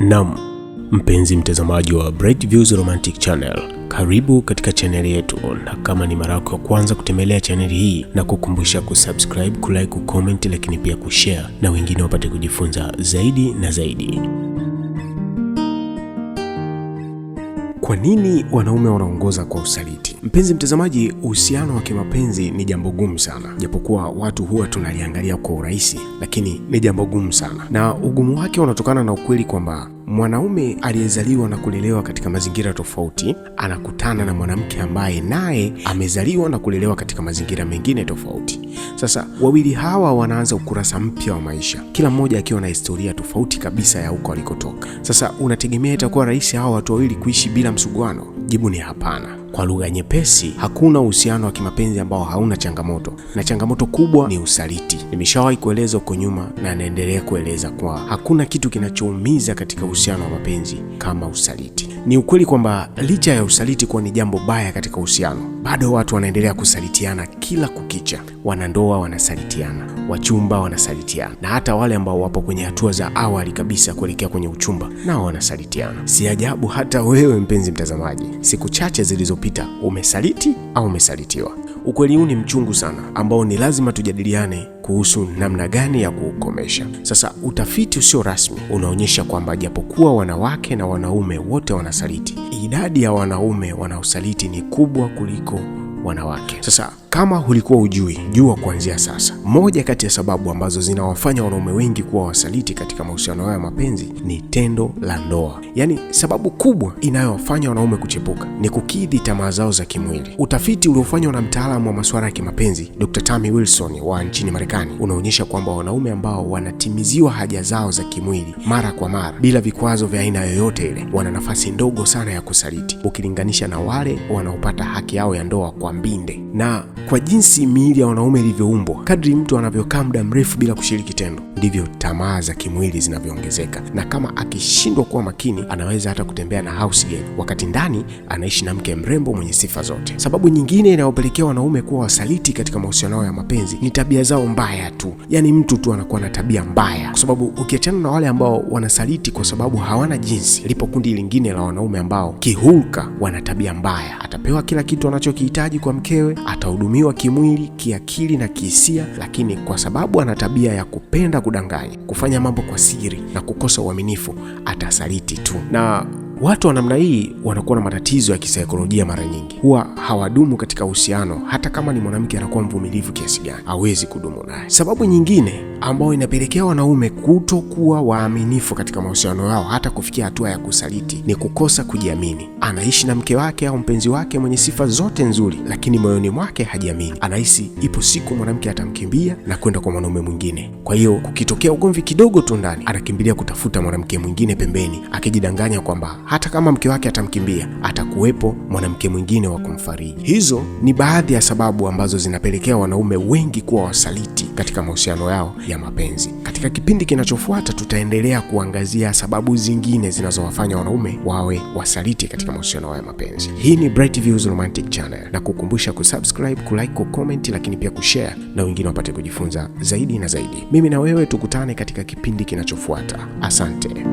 Naam, mpenzi mtazamaji wa Bright Views Romantic Channel, karibu katika chaneli yetu, na kama ni mara yako ya kwanza kutembelea chaneli hii, na kukumbusha kusubscribe, kulike, kucomment, lakini pia kushare na wengine wapate kujifunza zaidi na zaidi. Kwa nini wanaume wanaongoza kwa usaliti? Mpenzi mtazamaji, uhusiano wa kimapenzi ni jambo gumu sana, japokuwa watu huwa tunaliangalia kwa urahisi, lakini ni jambo gumu sana, na ugumu wake unatokana na ukweli kwamba mwanaume aliyezaliwa na kulelewa katika mazingira tofauti anakutana na mwanamke ambaye naye amezaliwa na kulelewa katika mazingira mengine tofauti. Sasa wawili hawa wanaanza ukurasa mpya wa maisha, kila mmoja akiwa na historia tofauti kabisa ya huko alikotoka. Sasa unategemea itakuwa rahisi hawa watu wawili kuishi bila msuguano? Jibu ni hapana. Kwa lugha nyepesi, hakuna uhusiano wa kimapenzi ambao hauna changamoto, na changamoto kubwa ni usaliti. Nimeshawahi kueleza huko nyuma na naendelea kueleza kwa hakuna kitu kinachoumiza katika uhusiano wa mapenzi kama usaliti. Ni ukweli kwamba licha ya usaliti kuwa ni jambo baya katika uhusiano, bado watu wanaendelea kusalitiana kila kukicha. Wanandoa wanasalitiana, wachumba wanasalitiana, na hata wale ambao wapo kwenye hatua za awali kabisa kuelekea kwenye uchumba nao wanasalitiana. Si ajabu hata wewe mpenzi mtazamaji, siku chache zilizo zilizopita, umesaliti au umesalitiwa? Ukweli huu ni mchungu sana, ambao ni lazima tujadiliane kuhusu namna gani ya kuukomesha. Sasa utafiti usio rasmi unaonyesha kwamba japokuwa wanawake na wanaume wote wanasaliti, idadi ya wanaume wanaosaliti ni kubwa kuliko wanawake. Sasa kama hulikuwa ujui, jua kuanzia sasa. Moja kati ya sababu ambazo zinawafanya wanaume wengi kuwa wasaliti katika mahusiano yao ya mapenzi ni tendo la ndoa. Yaani, sababu kubwa inayowafanya wanaume kuchepuka ni kukidhi tamaa zao za kimwili. Utafiti uliofanywa na mtaalamu wa masuala ya kimapenzi Dr. Tammy Wilson wa nchini Marekani unaonyesha kwamba wanaume ambao wanatimiziwa haja zao za kimwili mara kwa mara bila vikwazo vya aina yoyote ile, wana nafasi ndogo sana ya kusaliti ukilinganisha na wale wanaopata haki yao ya ndoa kwa mbinde na kwa jinsi miili ya wanaume ilivyoumbwa, kadri mtu anavyokaa muda mrefu bila kushiriki tendo, ndivyo tamaa za kimwili zinavyoongezeka, na kama akishindwa kuwa makini, anaweza hata kutembea na house wakati ndani anaishi na mke mrembo mwenye sifa zote. Sababu nyingine inayopelekea wanaume kuwa wasaliti katika mahusiano yao ya mapenzi ni tabia zao mbaya tu, yaani mtu tu anakuwa na tabia mbaya, kwa sababu ukiachana na wale ambao wanasaliti kwa sababu hawana jinsi, lipo kundi lingine la wanaume ambao kihulka wana tabia mbaya. Atapewa kila kitu anachokihitaji kwa mkewe, atahudumiwa kimwili, kiakili na kihisia, lakini kwa sababu ana tabia ya kupenda kudanganya, kufanya mambo kwa siri na kukosa uaminifu, atasaliti tu. Na watu wa namna hii wanakuwa na matatizo ya kisaikolojia mara nyingi, huwa hawadumu katika uhusiano, hata kama ni mwanamke anakuwa mvumilivu kiasi gani, hawezi kudumu naye. Sababu nyingine ambayo inapelekea wanaume kutokuwa waaminifu katika mahusiano yao, hata kufikia hatua ya kusaliti. Ni kukosa kujiamini. Anaishi na mke wake au mpenzi wake mwenye sifa zote nzuri, lakini moyoni mwake hajiamini. Anahisi ipo siku mwanamke atamkimbia na kwenda kwa mwanaume mwingine. Kwa hiyo kukitokea ugomvi kidogo tu ndani, anakimbilia kutafuta mwanamke mwingine pembeni, akijidanganya kwamba hata kama mke wake atamkimbia, atakuwepo mwanamke mwingine wa kumfariji. Hizo ni baadhi ya sababu ambazo zinapelekea wanaume wengi kuwa wasaliti katika mahusiano yao ya mapenzi. Katika kipindi kinachofuata, tutaendelea kuangazia sababu zingine zinazowafanya wanaume wawe wasaliti katika mahusiano yao ya mapenzi. Hii ni Bright Views Romantic Channel, na kukumbusha kusubscribe, kulike, kucomment, lakini pia kushare na wengine wapate kujifunza zaidi na zaidi. Mimi na wewe tukutane katika kipindi kinachofuata. Asante.